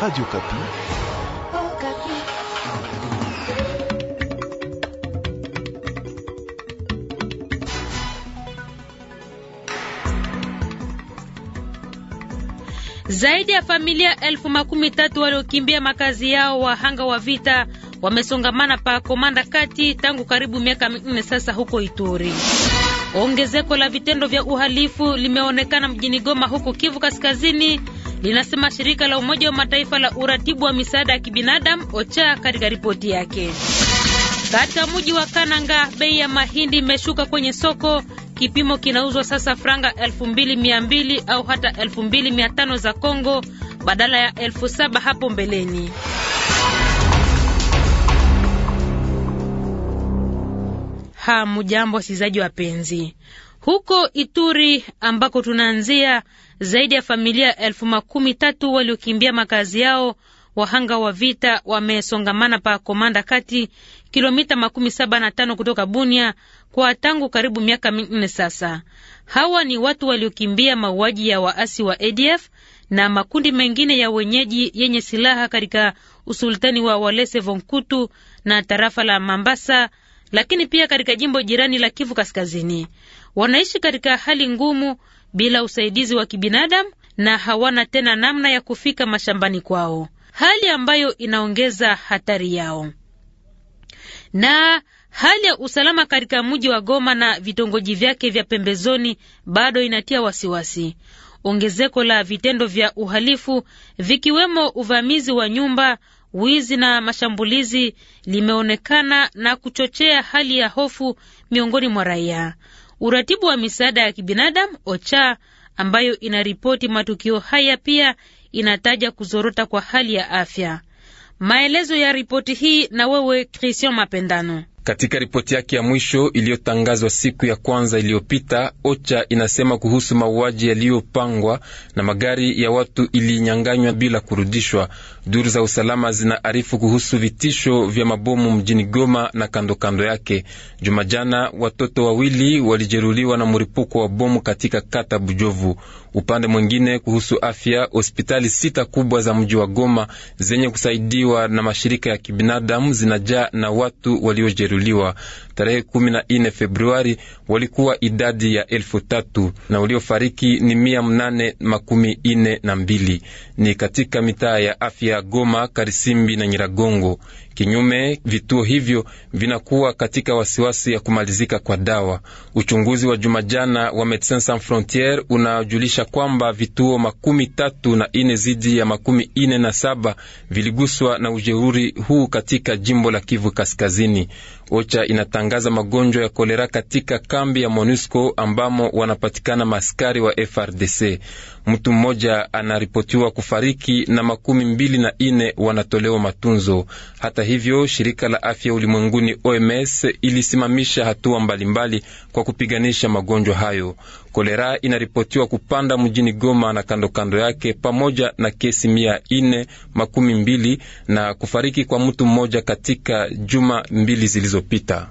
Radio Kapi. Oh, Kapi. Zaidi ya familia elfu makumi tatu waliokimbia makazi yao wahanga wa vita wamesongamana pa Komanda Kati tangu karibu miaka minne sasa huko Ituri. Ongezeko la vitendo vya uhalifu limeonekana mjini Goma huko Kivu Kaskazini linasema shirika la Umoja wa Mataifa la uratibu wa misaada ya kibinadamu OCHA katika ripoti yake. Katika mji wa Kananga bei ya mahindi imeshuka kwenye soko. Kipimo kinauzwa sasa franga 2200 au hata 2500 za Kongo badala ya 7000 hapo mbeleni. Hamujambo wasikilizaji wapenzi, huko Ituri ambako tunaanzia zaidi ya familia elfu makumi tatu waliokimbia makazi yao wahanga wa vita wamesongamana pa Komanda kati kilomita makumi saba na tano kutoka Bunia kwa tangu karibu miaka minne sasa. Hawa ni watu waliokimbia mauaji ya waasi wa ADF na makundi mengine ya wenyeji yenye silaha katika usultani wa Walese Vonkutu na tarafa la Mambasa, lakini pia katika jimbo jirani la Kivu Kaskazini wanaishi katika hali ngumu bila usaidizi wa kibinadamu na hawana tena namna ya kufika mashambani kwao, hali ambayo inaongeza hatari yao. Na hali ya usalama katika mji wa Goma na vitongoji vyake vya pembezoni bado inatia wasiwasi. Ongezeko la vitendo vya uhalifu vikiwemo uvamizi wa nyumba, wizi na mashambulizi limeonekana na kuchochea hali ya hofu miongoni mwa raia. Uratibu wa misaada ya kibinadamu OCHA ambayo inaripoti matukio haya pia inataja kuzorota kwa hali ya afya. Maelezo ya ripoti hii na wewe Christian Mapendano. Katika ripoti yake ya mwisho iliyotangazwa siku ya kwanza iliyopita, OCHA inasema kuhusu mauaji yaliyopangwa na magari ya watu ilinyanganywa bila kurudishwa. Duru za usalama zinaarifu kuhusu vitisho vya mabomu mjini Goma na kando kando yake. Jumajana watoto wawili walijeruliwa na mlipuko wa bomu katika kata Bujovu. Upande mwingine, kuhusu afya, hospitali sita kubwa za mji wa Goma zenye kusaidiwa na mashirika ya kibinadamu zinajaa na watu waliojeruliwa tarehe 14 Februari walikuwa idadi ya elfu tatu na uliofariki ni mia mnane makumi ine na mbili. Ni katika mitaa ya afya Goma, Karisimbi na Nyiragongo. Kinyume, vituo hivyo vinakuwa katika wasiwasi ya kumalizika kwa dawa. Uchunguzi wa jumajana wa Medecins Sans Frontieres unajulisha kwamba vituo makumi tatu na ine zidi ya makumi ine na saba viliguswa na ujeuri huu katika jimbo la Kivu Kaskazini. Ocha inatanga kutangaza magonjwa ya kolera katika kambi ya MONUSCO ambamo wanapatikana maskari wa FRDC. Mtu mmoja anaripotiwa kufariki na makumi mbili na ine wanatolewa matunzo. Hata hivyo, shirika la afya ulimwenguni OMS ilisimamisha hatua mbalimbali mbali kwa kupiganisha magonjwa hayo. Kolera inaripotiwa kupanda mjini Goma na kando kando yake, pamoja na kesi mia ine makumi mbili na kufariki kwa mtu mmoja katika juma mbili zilizopita.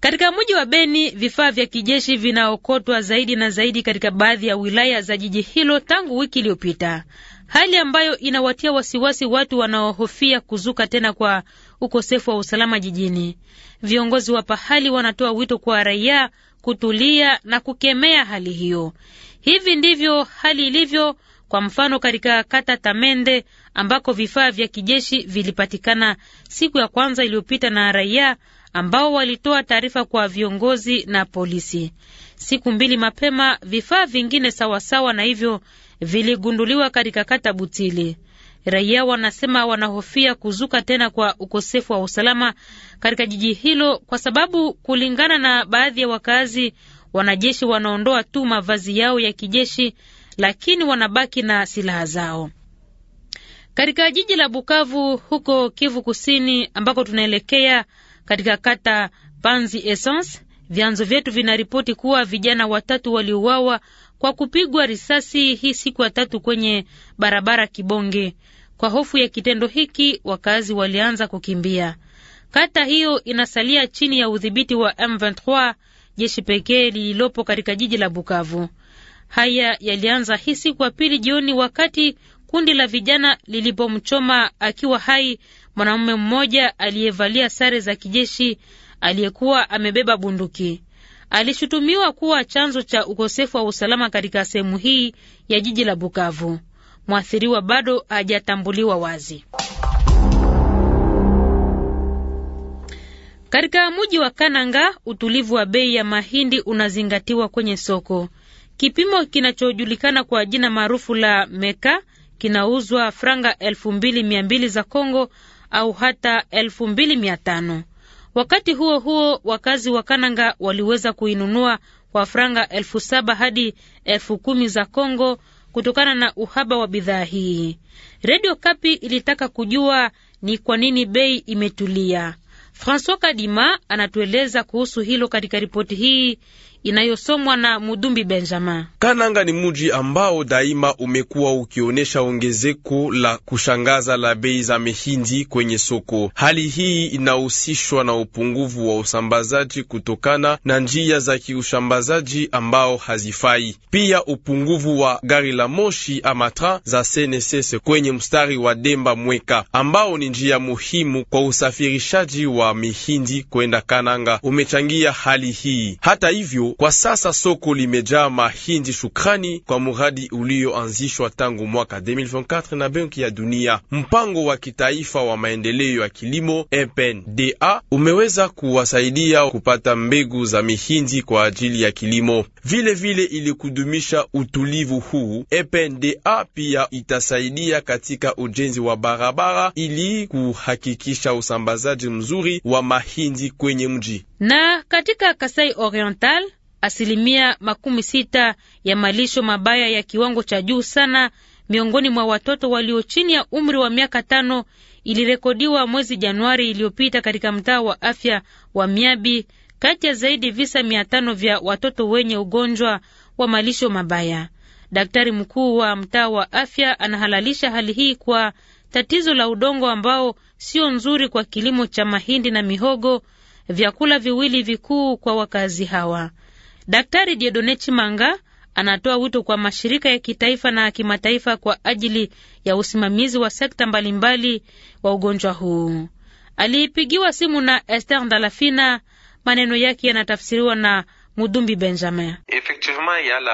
Katika mji wa Beni vifaa vya kijeshi vinaokotwa zaidi na zaidi katika baadhi ya wilaya za jiji hilo tangu wiki iliyopita, hali ambayo inawatia wasiwasi watu wanaohofia kuzuka tena kwa ukosefu wa usalama jijini. Viongozi wa pahali wanatoa wito kwa raia kutulia na kukemea hali hiyo. Hivi ndivyo hali ilivyo, kwa mfano katika kata Tamende ambako vifaa vya kijeshi vilipatikana siku ya kwanza iliyopita na raia ambao walitoa taarifa kwa viongozi na polisi. Siku mbili mapema, vifaa vingine sawasawa na hivyo viligunduliwa katika kata Butili. Raia wanasema wanahofia kuzuka tena kwa ukosefu wa usalama katika jiji hilo, kwa sababu kulingana na baadhi ya wakazi, wanajeshi wanaondoa tu mavazi yao ya kijeshi, lakini wanabaki na silaha zao. Katika jiji la Bukavu huko Kivu Kusini ambako tunaelekea katika kata Panzi Essence Vyanzo vyetu vinaripoti kuwa vijana watatu waliuawa kwa kupigwa risasi hii siku ya tatu kwenye barabara Kibonge. Kwa hofu ya kitendo hiki, wakazi walianza kukimbia. Kata hiyo inasalia chini ya udhibiti wa M23, jeshi pekee lililopo katika jiji la Bukavu. Haya yalianza hii siku ya pili jioni, wakati kundi la vijana lilipomchoma akiwa hai mwanamume mmoja aliyevalia sare za kijeshi aliyekuwa amebeba bunduki. Alishutumiwa kuwa chanzo cha ukosefu wa usalama katika sehemu hii ya jiji la Bukavu. Mwathiriwa bado hajatambuliwa wazi. Katika mji wa Kananga, utulivu wa bei ya mahindi unazingatiwa kwenye soko. Kipimo kinachojulikana kwa jina maarufu la meka kinauzwa franga elfu mbili mia mbili za Kongo au hata elfu mbili mia tano. Wakati huo huo, wakazi wa Kananga waliweza kuinunua kwa franga elfu saba hadi elfu kumi za Kongo kutokana na uhaba wa bidhaa hii. Redio Kapi ilitaka kujua ni kwa nini bei imetulia. Francois Kadima anatueleza kuhusu hilo katika ripoti hii inayosomwa na Mudumbi Benjamin. Kananga ni muji ambao daima umekuwa ukionyesha ongezeko la kushangaza la bei za mihindi kwenye soko. Hali hii inahusishwa na upungufu wa usambazaji kutokana na njia za kiusambazaji ambao hazifai, pia upungufu wa gari la moshi ama train za SNCC kwenye mstari wa Demba Mweka ambao ni njia muhimu kwa usafirishaji wa mihindi kwenda Kananga umechangia hali hii. Hata hivyo kwa sasa soko limejaa mahindi shukrani kwa muradi ulioanzishwa tangu mwaka 2024 na Benki ya Dunia. Mpango wa kitaifa wa maendeleo ya kilimo EPNDA umeweza kuwasaidia kupata mbegu za mihindi kwa ajili ya kilimo. Vile vile, ili kudumisha utulivu huu, EPNDA pia itasaidia katika ujenzi wa barabara ili kuhakikisha usambazaji mzuri wa mahindi kwenye mji na katika Kasai Oriental asilimia makumi sita ya malisho mabaya ya kiwango cha juu sana miongoni mwa watoto walio chini ya umri wa miaka tano ilirekodiwa mwezi Januari iliyopita katika mtaa wa afya wa Miabi, kati ya zaidi visa mia tano vya watoto wenye ugonjwa wa malisho mabaya. Daktari mkuu wa mtaa wa afya anahalalisha hali hii kwa tatizo la udongo ambao sio nzuri kwa kilimo cha mahindi na mihogo, vyakula viwili vikuu kwa wakazi hawa. Daktari Diedone Chimanga anatoa wito kwa mashirika ya kitaifa na kimataifa kwa ajili ya usimamizi wa sekta mbalimbali wa ugonjwa huu. Aliipigiwa simu na Esther Ndalafina, maneno yake yanatafsiriwa na Mudumbi Benjamin.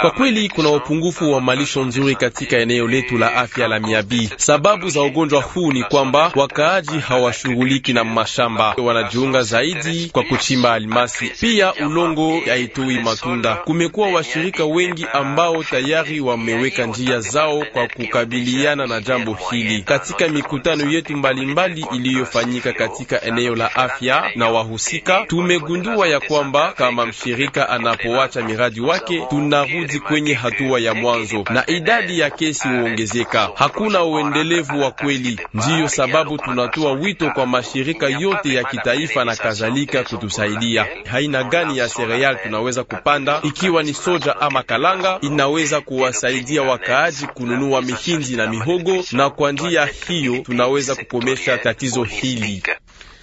Kwa kweli kuna upungufu wa malisho nzuri katika eneo letu la afya la Miabi. Sababu za ugonjwa huu ni kwamba wakaaji hawashughuliki na mashamba, wanajiunga zaidi kwa kuchimba almasi, pia ulongo haitoi matunda. Kumekuwa washirika wengi ambao tayari wameweka njia zao kwa kukabiliana na jambo hili katika mikutano yetu mbalimbali iliyofanyika katika eneo la afya na wahusika, tumegundua ya kwamba kama mshirika anapowacha miradi wake, tunarudi kwenye hatua ya mwanzo na idadi ya kesi huongezeka. Hakuna uendelevu wa kweli. Ndiyo sababu tunatoa wito kwa mashirika yote ya kitaifa na kadhalika kutusaidia. Haina gani ya sereal tunaweza kupanda, ikiwa ni soja ama kalanga, inaweza kuwasaidia wakaaji kununua mihindi na mihogo, na kwa njia hiyo tunaweza kukomesha tatizo hili.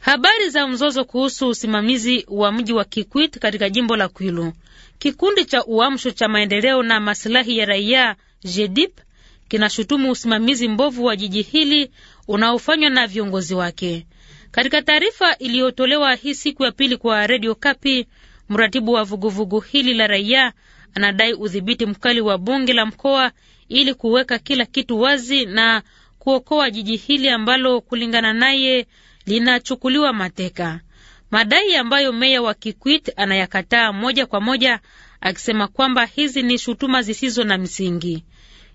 Habari za mzozo kuhusu usimamizi wa mji wa Kikwit katika jimbo la Kwilu. Kikundi cha uamsho cha maendeleo na masilahi ya raia JEDIP kinashutumu usimamizi mbovu wa jiji hili unaofanywa na viongozi wake. Katika taarifa iliyotolewa hii siku ya pili kwa redio Kapi, mratibu wa vuguvugu hili la raia anadai udhibiti mkali wa bunge la mkoa ili kuweka kila kitu wazi na kuokoa jiji hili ambalo kulingana naye linachukuliwa mateka, madai ambayo meya wa Kikwit anayakataa moja kwa moja, akisema kwamba hizi ni shutuma zisizo na msingi.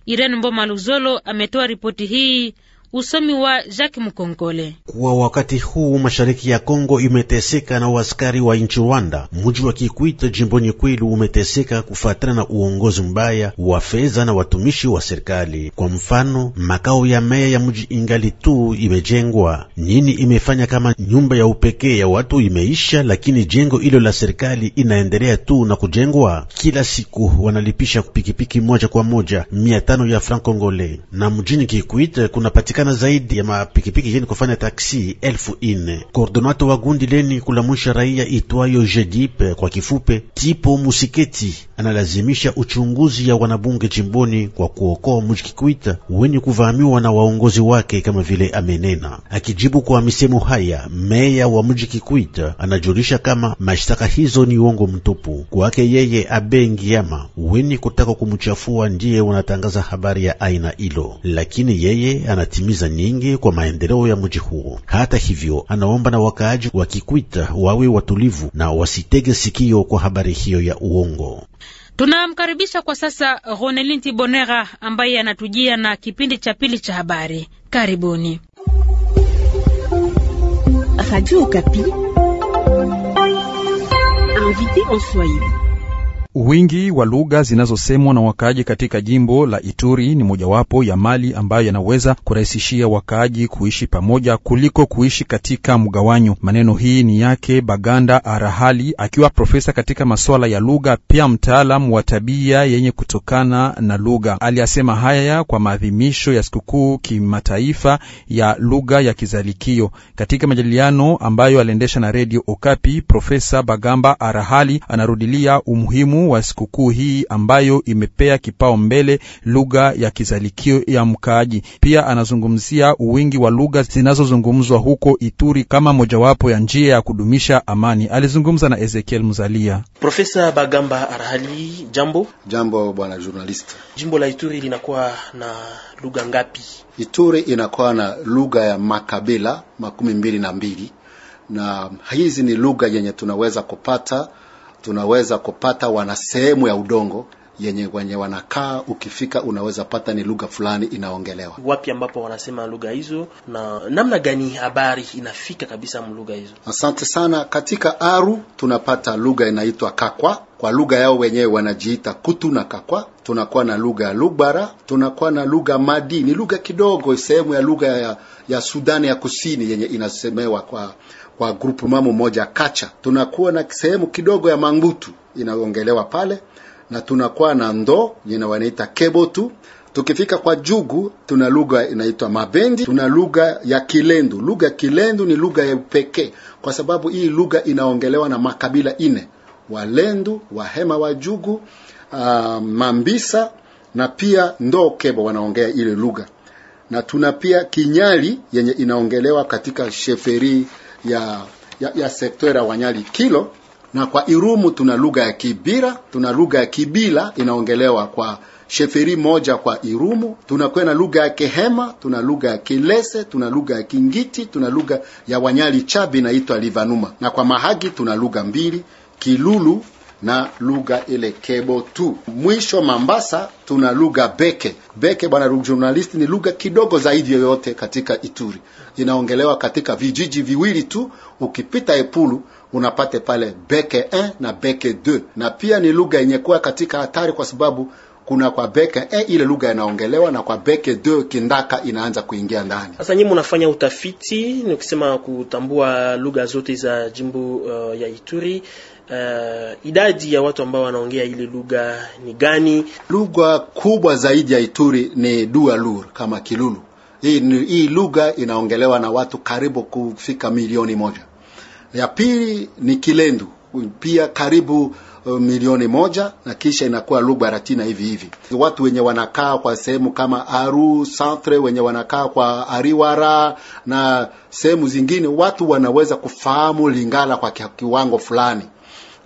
Irene Mboma Luzolo ametoa ripoti hii Usomi wa Jacques Mkongole. Kwa wakati huu mashariki ya Kongo imeteseka na waskari wa nchi Rwanda. Mji wa Kikwita jimboni Kwilu umeteseka kufuatana na uongozi mbaya wa fedha na watumishi wa serikali. Kwa mfano, makao ya meya ya mji ingali tu imejengwa. Nini imefanya kama nyumba ya upekee ya watu imeisha, lakini jengo hilo la serikali inaendelea tu na kujengwa. Kila siku wanalipisha pikipiki moja kwa moja mia tano ya franc Kongole, na mjini Kikwita kuna patika kupatikana zaidi ya mapikipiki yeni kufanya taksi elfu ine. Koordonato wa gundi leni kulamusha raia itwayo Jedipe kwa kifupe, Tipo Musiketi analazimisha uchunguzi ya wanabunge jimboni kwa kuokoa mji Kikwita wenye kuvamiwa na waongozi wake, kama vile amenena. Akijibu kwa misemo haya, meya wa mji Kikwita anajulisha kama mashtaka hizo ni uongo mtupu. Kwake yeye, Abengiama wenye kutaka kumchafua ndiye wanatangaza habari ya aina ilo lakini yeye anatimia timiza nyingi kwa maendeleo ya mji huo. Hata hivyo, anaomba na wakaaji wa Kikwita wawe watulivu na wasitege sikio kwa habari hiyo ya uongo. Tunamkaribisha kwa sasa Ronelin Tibonera ambaye anatujia na kipindi cha pili cha habari. Karibuni Radio Okapi. Wingi wa lugha zinazosemwa na wakaaji katika jimbo la Ituri ni mojawapo ya mali ambayo yanaweza kurahisishia wakaaji kuishi pamoja kuliko kuishi katika mgawanyo. Maneno hii ni yake Baganda Arahali, akiwa profesa katika masuala ya lugha, pia mtaalam wa tabia yenye kutokana na lugha. Aliyasema haya kwa maadhimisho ya sikukuu kimataifa ya lugha ya kizalikio. Katika majadiliano ambayo aliendesha na redio Okapi, Profesa Bagamba Arahali anarudilia umuhimu wa sikukuu hii ambayo imepea kipao mbele lugha ya kizalikio ya mkaaji. Pia anazungumzia uwingi wa lugha zinazozungumzwa huko Ituri kama mojawapo ya njia ya kudumisha amani. Alizungumza na Ezekiel Muzalia. Profesa Bagamba Arhali, jambo. Jambo bwana journalist. Jimbo la Ituri linakuwa na lugha ngapi? Ituri inakuwa na lugha ya makabila makumi mbili na mbili na hizi ni lugha yenye tunaweza kupata tunaweza kupata wana sehemu ya udongo yenye wenye wanakaa, ukifika unaweza pata ni lugha fulani inaongelewa wapi, ambapo wanasema lugha hizo, na namna gani habari inafika kabisa mlugha hizo. Asante sana. Katika Aru tunapata lugha inaitwa Kakwa, kwa lugha yao wenyewe wanajiita Kutu na Kakwa. Tunakuwa na lugha ya Lugbara, tunakuwa na lugha Madi, ni lugha kidogo sehemu ya lugha ya, ya Sudani ya Kusini yenye inasemewa kwa kwa grupu mamo moja kacha, tunakuwa na sehemu kidogo ya mangutu inaongelewa pale, na tunakuwa na ndoo yenye wanaita kebotu. Tukifika kwa Jugu tuna lugha inaitwa Mabendi, tuna lugha ya Kilendu. Lugha ya Kilendu ni lugha ya pekee kwa sababu hii lugha inaongelewa na makabila ine: Walendu, Wahema wa Jugu, uh, ah, Mambisa na pia Ndoo Kebo wanaongea ile lugha, na tuna pia Kinyali yenye inaongelewa katika sheferi ya, ya, ya sekteur ya Wanyali Kilo, na kwa Irumu tuna lugha ya Kibira, tuna lugha ya Kibila inaongelewa kwa sheferi moja kwa Irumu, tunakuwa na lugha ya Kihema, tuna lugha ya Kilese, tuna lugha ya Kingiti, tuna lugha ya Wanyali Chabi inaitwa Livanuma, na kwa Mahagi tuna lugha mbili Kilulu na lugha ile Kebo tu. Mwisho Mambasa tuna lugha Beke. Beke, bwana journalist, ni lugha kidogo zaidi yoyote katika Ituri, inaongelewa katika vijiji viwili tu. Ukipita Epulu unapate pale Beke 1 na Beke 2, na pia ni lugha yenye kuwa katika hatari kwa sababu kuna kwa Beke e, ile lugha inaongelewa na kwa Beke 2 Kindaka inaanza kuingia ndani. Sasa nyinyi mnafanya utafiti, ni kusema kutambua lugha zote za jimbo uh, ya Ituri uh, idadi ya watu ambao wanaongea ile lugha ni gani? Lugha kubwa zaidi ya Ituri ni Dualur kama Kilulu. Hii, hii lugha inaongelewa na watu karibu kufika milioni moja. Ya pili ni Kilendu pia karibu eh, milioni moja na kisha inakuwa lugha Ratina hivi hivi. Watu wenye wanakaa kwa sehemu kama Aru Centre, wenye wanakaa kwa Ariwara na sehemu zingine, watu wanaweza kufahamu Lingala kwa kiwango fulani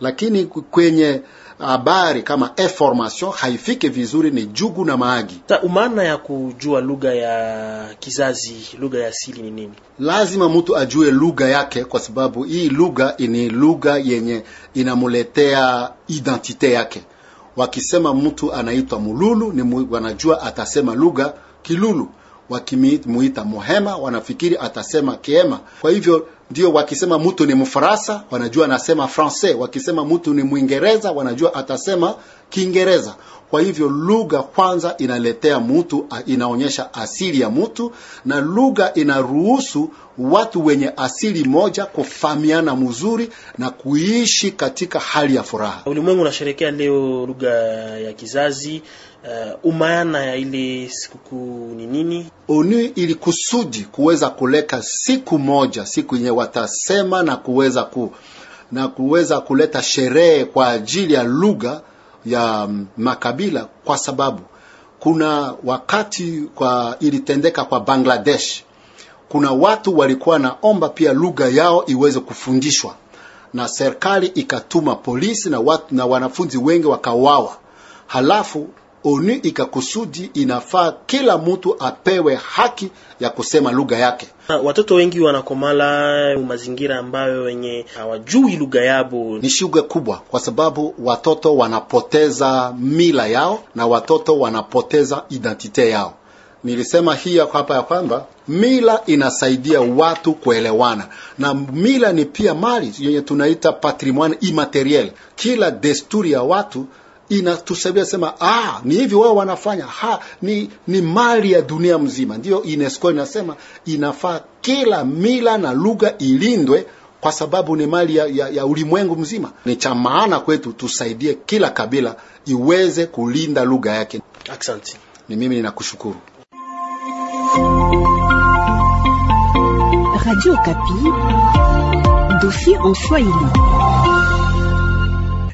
lakini kwenye habari kama information haifiki vizuri, ni jugu na maagi. umana ya kujua lugha ya kizazi, lugha ya asili ni nini? Lazima mtu ajue lugha yake, kwa sababu hii lugha ni lugha yenye inamuletea identite yake. Wakisema mtu anaitwa Mululu, ni wanajua atasema lugha Kilulu wakimuita muhema wanafikiri atasema Kiema. Kwa hivyo ndio wakisema mtu ni mfaransa wanajua anasema francais, wakisema mtu ni mwingereza wanajua atasema Kiingereza. Kwa hivyo lugha kwanza inaletea mtu, inaonyesha asili ya mtu, na lugha inaruhusu watu wenye asili moja kufahamiana mzuri na kuishi katika hali ya furaha. Ulimwengu unasherekea leo lugha ya kizazi Uh, umaana ya ile sikukuu ni nini? ONU ilikusudi kuweza kuleka siku moja, siku yenye watasema na kuweza ku, na kuweza kuleta sherehe kwa ajili ya lugha ya mm, makabila, kwa sababu kuna wakati kwa ilitendeka kwa Bangladesh, kuna watu walikuwa naomba pia lugha yao iweze kufundishwa, na serikali ikatuma polisi na watu, na wanafunzi wengi wakawawa halafu ONU ikakusudi inafaa kila mtu apewe haki ya kusema lugha yake. Ah, watoto wengi wanakomala mazingira ambayo wenye hawajui lugha yabo. Ni shuga kubwa, kwa sababu watoto wanapoteza mila yao na watoto wanapoteza identite yao. Nilisema hii hapa ya kwamba mila inasaidia watu kuelewana, na mila ni pia mali yenye tunaita patrimoine immateriel. Kila desturi ya watu inatusaidia sema ah, ni hivi wao wanafanya ha, ni, ni mali ya dunia mzima. Ndiyo UNESCO inasema inafaa kila mila na lugha ilindwe kwa sababu ni mali ya, ya, ya ulimwengu mzima. Ni cha maana kwetu tusaidie kila kabila iweze kulinda lugha yake. Asante. Ni mimi ninakushukuru. Radio dossier en Swahili.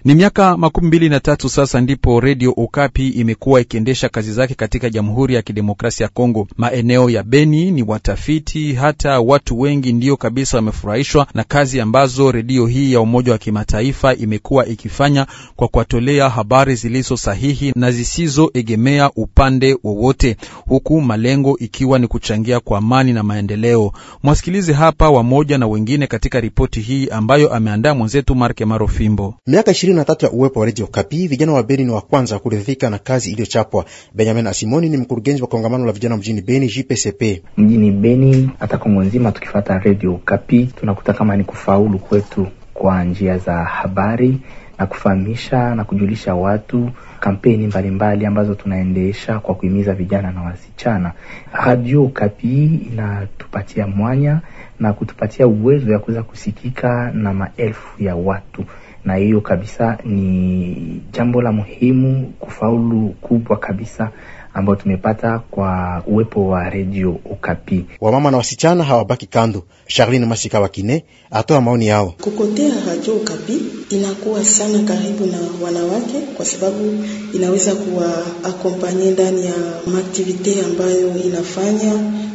Ni miaka makumi mbili na tatu sasa ndipo Redio Okapi imekuwa ikiendesha kazi zake katika Jamhuri ya Kidemokrasia ya Kongo, maeneo ya Beni. Ni watafiti hata watu wengi ndio kabisa wamefurahishwa na kazi ambazo redio hii ya Umoja wa Kimataifa imekuwa ikifanya kwa kuwatolea habari zilizo sahihi na zisizoegemea upande wowote, huku malengo ikiwa ni kuchangia kwa amani na maendeleo. Mwasikilize hapa wamoja na wengine katika ripoti hii ambayo ameandaa mwenzetu Marke Marofimbo. miaka tatu ya uwepo wa redio Kapi, vijana wa Beni ni wa kwanza kuridhika na kazi iliyochapwa. Benyamin Asimoni ni mkurugenzi wa kongamano la vijana mjini Beni JPCP. Mjini Beni hata Kongo nzima tukifata redio Kapi tunakuta kama ni kufaulu kwetu kwa njia za habari na kufahamisha na kujulisha watu kampeni mbalimbali ambazo tunaendesha kwa kuhimiza vijana na wasichana. Radio Kapi inatupatia mwanya na kutupatia uwezo ya kuweza kusikika na maelfu ya watu na hiyo kabisa ni jambo la muhimu, kufaulu kubwa kabisa ambayo tumepata kwa uwepo wa redio Ukapi. Wamama na wasichana hawabaki kando. Charlene Masika Wakine atoa maoni yao. Kukotea radio Ukapi inakuwa sana karibu na wanawake, kwa sababu inaweza kuwaakompanye ndani ya maaktivite ambayo inafanya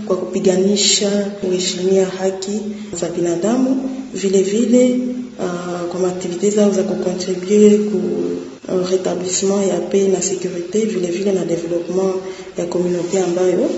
kwa kupiganisha kuheshimia haki za binadamu, vilevile uh, kwa maaktivite zao za kukontribue ku uh, ya paix na sécurité vilevile na développement ya communauté ambayo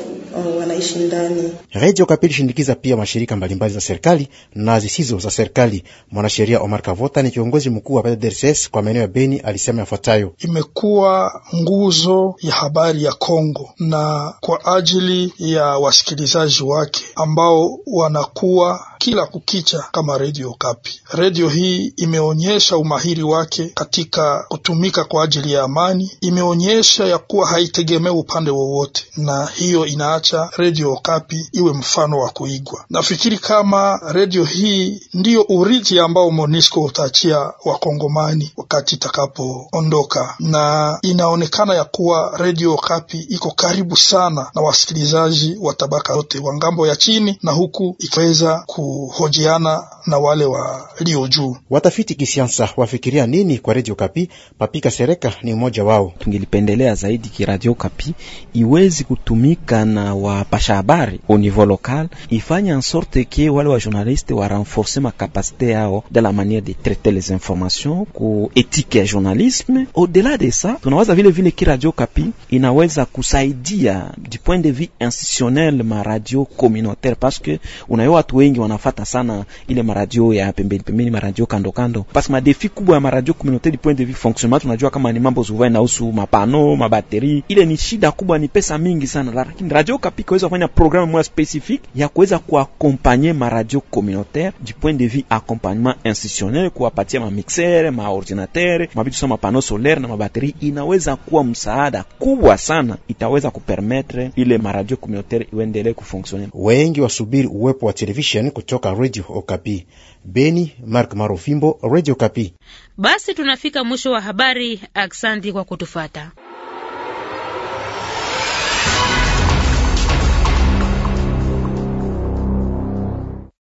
wanaishi ndani. Radio Kapili shindikiza pia mashirika mbalimbali za serikali na zisizo za serikali. Mwanasheria Omar Kavota ni kiongozi mkuu wa PDDRCS kwa maeneo ya Beni, alisema yafuatayo: imekuwa nguzo ya habari ya Kongo na kwa ajili ya wasikilizaji wake ambao wanakuwa kila kukicha kama Redio Kapi. Redio hii imeonyesha umahiri wake katika kutumika kwa ajili ya amani, imeonyesha ya kuwa haitegemei upande wowote, na hiyo inaacha Redio Kapi iwe mfano wa kuigwa. Nafikiri kama redio hii ndiyo urithi ambao Monisco utaachia wakongomani wakati itakapoondoka, na inaonekana ya kuwa Redio Kapi iko karibu sana na wasikilizaji wa tabaka yote wa ngambo ya chini na huku ikiweza ku kuhojiana na wale walio juu. Watafiti kisiasa wafikiria nini kwa Radio Kapi? Papika Sereka ni mmoja wao. Tungelipendelea zaidi ki Radio Kapi iwezi kutumika na wapasha habari au niveau local, ifanye en sorte ke wale wa journaliste wa renforcer ma capacité yao de la manière de traiter les informations ku éthique ya journalisme. Au delà de ça, tunawaza vile vile ki Radio Kapi inaweza kusaidia du point de vue institutionnel ma radio communautaire parce que unayo watu wengi wana tunafata sana ile maradio ya pembeni pembeni, maradio kando kando, parce que madefi kubwa ya maradio communauté du point de vue fonctionnement, tunajua kama ni mambo zuvai na usu mapano mabateri, ile ni shida kubwa, ni pesa mingi sana, lakini radio Kapi kaweza kufanya programme moja specifique ya kuweza kuakompanye maradio communautaire du point de vue accompagnement institutionnel, kuwapatia ma mixer ma ordinateur ma vitu sama pano solaire na mabateri, inaweza kuwa msaada kubwa sana, itaweza kupermettre ile maradio communautaire iendelee kufonctionner. Wengi wasubiri uwepo wa television toka Radio Okapi Beni, Mark Marofimbo, Radio Okapi. Basi tunafika mwisho wa habari. aksandi kwa kutufata.